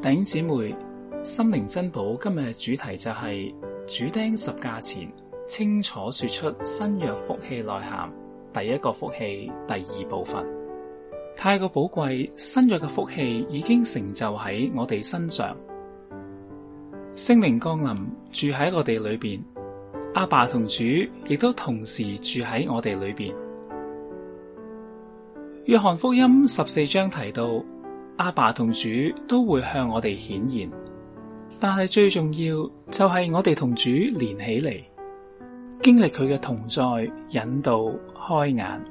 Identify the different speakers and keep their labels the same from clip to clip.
Speaker 1: 頂姐妹心靈珍寶，今日嘅主題就係、是，主釘十架前清楚說出新約福氣內涵，第一個福氣第二部分，太過寶貴，新約嘅福氣已經成就喺我哋身上，聖靈降臨住喺我哋裏邊，阿爸同主亦都同時住喺我哋裏邊，約翰福音十四章提到。阿爸同主都會向我哋顯現，但係最重要就係我哋同主連起嚟，經歷佢嘅同在、引導、開眼，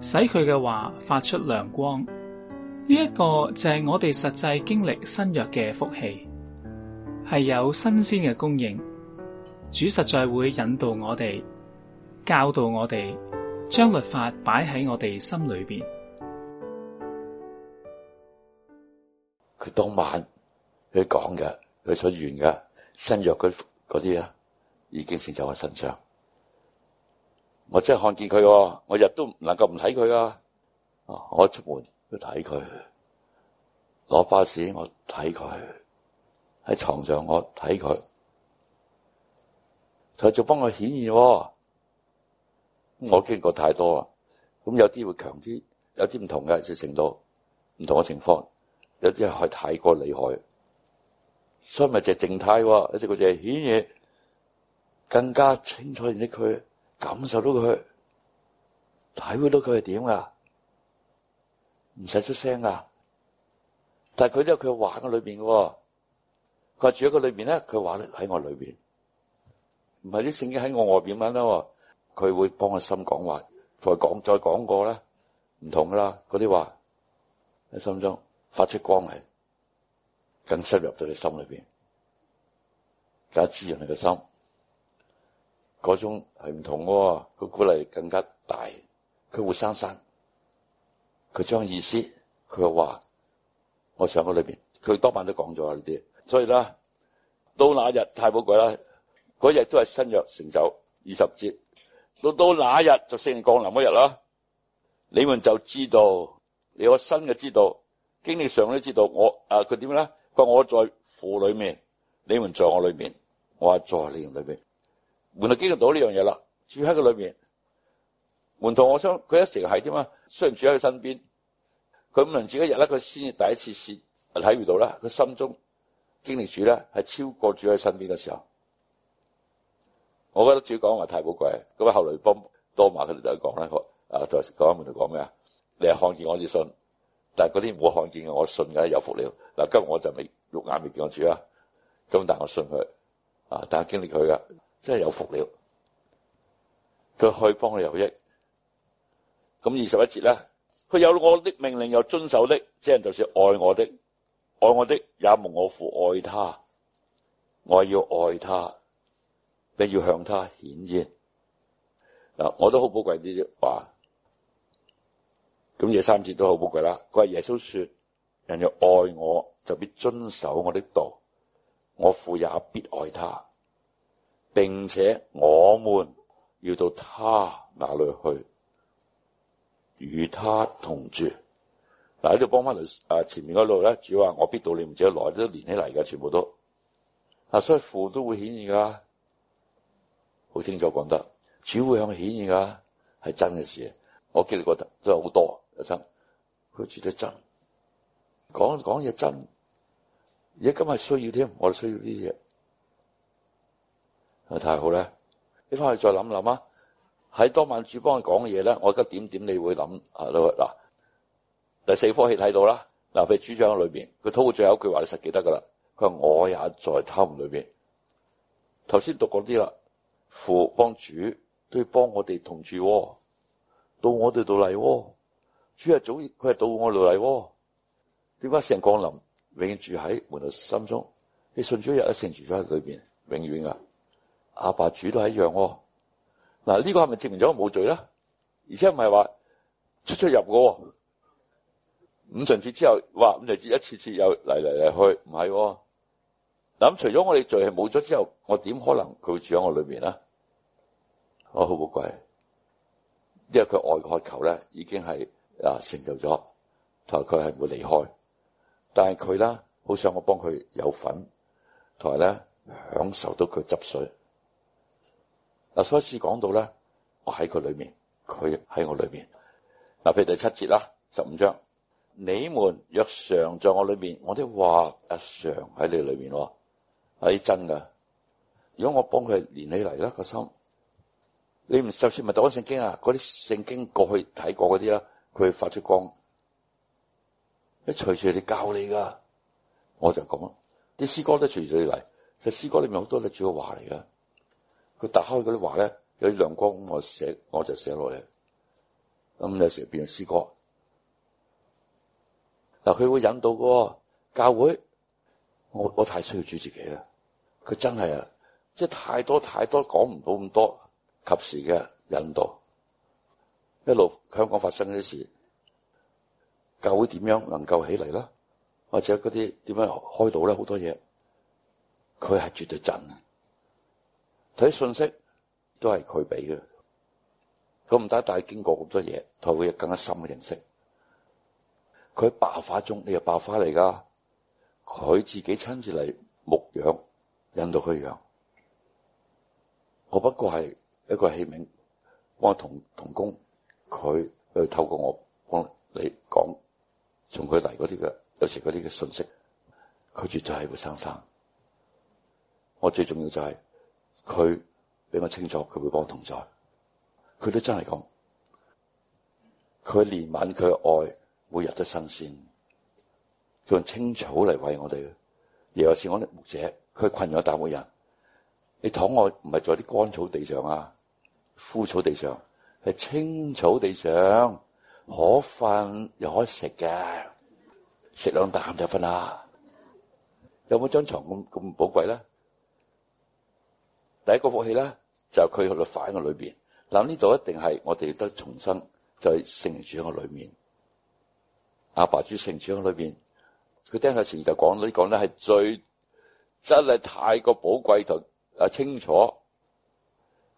Speaker 1: 使佢嘅話發出亮光。呢一個就係我哋實際經歷新約嘅福氣，係有新鮮嘅供應。主實在會引導我哋、教導我哋，將律法擺喺我哋心裏邊。
Speaker 2: 佢當晚佢講嘅，佢出願嘅新約嗰嗰啲啊，已經成就我身上。我真係看見佢、哦，我日都唔能夠唔睇佢啊！我出門都睇佢，攞巴士我睇佢，喺床上我睇佢，佢仲幫我顯現、哦。我經過太多啦，咁有啲會強啲，有啲唔同嘅、就是、程度，唔同嘅情況。有啲係太過厲害，所以咪就靜態喎。一隻嗰隻，顯嘢更加清楚認識佢，而且佢感受到佢，體會到佢係點噶，唔使出聲噶。但係佢咧，佢話我裏邊噶，佢住喺個裏邊咧，佢話喺我裏邊，唔係啲聖經喺我外邊咁啦。佢會幫個心講話，再講再講過咧，唔同啦。嗰啲話喺心中。發出光嚟，更深入到你心裏邊，更加滋潤你嘅心。嗰種係唔同，佢鼓勵更加大，佢會生生。佢將意思，佢又話：我上個裏邊，佢多晚都講咗呢啲。所以啦，到那日太寶貴啦，嗰日都係新約成就二十節。到到那日就聖降臨嗰日啦，你們就知道，你有新嘅知道。經歷上都知道我，啊佢點樣咧？佢話我，在父裡面，你們在我裡面。我話在你裡面，門徒經歷到呢樣嘢啦，住喺佢裡面。門同我想佢一直係添啊，雖然住喺佢身邊，佢五零幾日咧，佢先至第一次試睇唔到啦。佢心中經歷主咧，係超過住喺身邊嘅時候。我覺得主講話太寶貴。咁啊，後來幫多馬佢哋講咧，啊，在講門徒講咩啊？你係看見我而信。但係嗰啲冇看見嘅，我信嘅有福了。嗱，今日我就未肉眼未見主啊，咁但係我信佢啊，但係經歷佢嘅真係有福了，佢可以幫你有益。咁二十一節咧，佢有我的命令又遵守的，即係就算愛我的，愛我的也蒙我父愛他，我要愛他，你要向他顯現嗱、啊，我都好寶貴啲啫話。啊咁夜三節都好寶貴啦。佢話耶穌說：人若愛我，就必遵守我的道；我父也必愛他，並且我們要到他那裡去，與他同住。嗱，喺度幫翻嚟啊，呃！前面嗰度咧，主要話我必到，你唔知有耐都連起嚟㗎。全部都啊，所以父都會顯現㗎，好清楚講得，主會向佢顯現㗎，係真嘅事。我記得覺得都有好多。一生佢住得真，講講嘢，真而家今日需要添，我哋需要啲嘢，咪太好咧。你翻去再諗諗啊。喺當晚主幫佢講嘅嘢咧，我而家點點你會諗啊。嗱，第四科氣睇到啦。嗱，俾主長裏邊佢吐嘅最後一句話，你實記得㗎啦。佢話我也在他們裏邊。頭先讀嗰啲啦，父幫主都要幫我哋同住喎，哦，到我哋度嚟喎。主係早，佢係到我裏嚟喎。點解成降臨，永遠住喺門徒心中？你信主日，入，成住咗喺裏邊，永遠啊！阿爸，爸主都係一樣喎。嗱，呢、這個係咪證明咗我冇罪啦？而且唔係話出出入喎。五旬節之後，哇！五旬節一次次又嚟嚟嚟去，唔係。咁除咗我哋罪係冇咗之後，我點可能佢會住喺我裏面咧？我好寶貴，因為佢外渴求咧，已經係。啊！成就咗，同埋佢係唔會離開，但係佢咧好想我幫佢有份，同埋咧享受到佢執水嗱，啊。所以講到咧，我喺佢裏面，佢喺我裏面嗱。譬、啊、如第七節啦，十五章，你們若常在我裏面，我啲話阿常喺你裏面喎，係、啊、真噶。如果我幫佢連起嚟啦，個心，你唔受書咪讀聖經啊？嗰啲聖經過去睇過嗰啲啦。佢發出光，一隨住佢教你噶，我就咁咯。啲詩歌都隨住嚟，其實詩歌裏面好多係主嘅話嚟噶。佢打開嗰啲話咧，有啲亮光，我寫我就寫落嚟。咁有時候變咗詩歌。嗱，佢會引導嘅教會，我我太需要主自己啦。佢真係啊，即係太多太多講唔到咁多及時嘅引導。一路香港發生嗰啲事，教會點樣能夠起嚟啦？或者嗰啲點樣開道咧？好多嘢，佢係絕對真的。睇信息都係佢俾嘅，咁唔得，但係經過好多嘢，佢會有更加深嘅認識。佢喺爆發中，你又爆發嚟㗎，佢自己親自嚟牧養，引導佢養。我不過係一個器皿，幫我同同工。佢去透過我幫你講，從佢嚟嗰啲嘅有時嗰啲嘅信息，佢絕對係活生生。我最重要就係佢畀我清楚，佢會幫我同在。佢都真係噉，佢憐憫佢嘅愛每日都新鮮，用青草嚟餵我哋。耶和華是我哋牧者，佢困咗，大我但人。你躺我唔係在啲乾草地上啊，枯草地上。係青草地上，可瞓又可食嘅，食兩啖就瞓啦。有冇張床咁咁寶貴咧？第一個福氣呢，就佢去到反個裡邊。嗱，呢度一定係我哋都重生，就係聖主喺個裡面。阿爸住聖主喺裡邊，佢聽阿前面就講咧講得係最真係太過寶貴同啊清楚，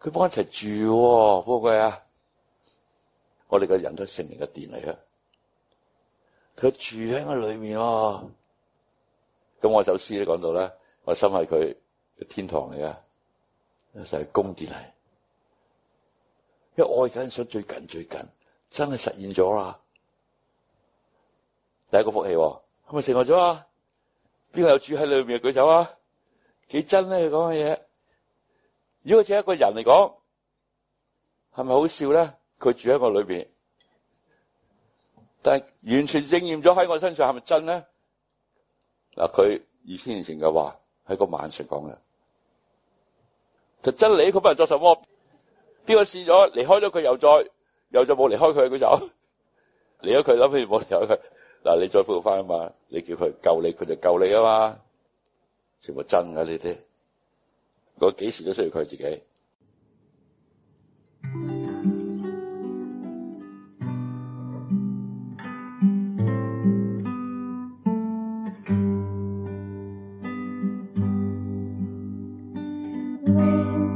Speaker 2: 佢幫我一齊住，寶貴啊！我哋嘅人都成年嘅殿嚟啊！佢住喺個裡面啊。咁我首詩咧講到咧，我心係佢嘅天堂嚟啊，就係宮殿嚟。因為我而家想最近最近，真係實現咗啦。第一個福氣，係咪成我咗啊？邊個有住喺裡面的舉手啊？幾真咧？佢講嘅嘢，如果似一個人嚟講，係咪好笑咧？佢住喺我裏邊，但係完全證驗咗喺我身上係咪真咧？嗱，佢二千年前嘅話喺個晚上講嘅，就真理佢不能做什麼？邊個試咗離開咗佢，又再又再冇離開佢，佢就離開佢，諗住冇離開佢。嗱，你再復活翻啊嘛？你叫佢救你，佢就救你啊嘛？全部真噶你啲，我幾時都需要佢自己？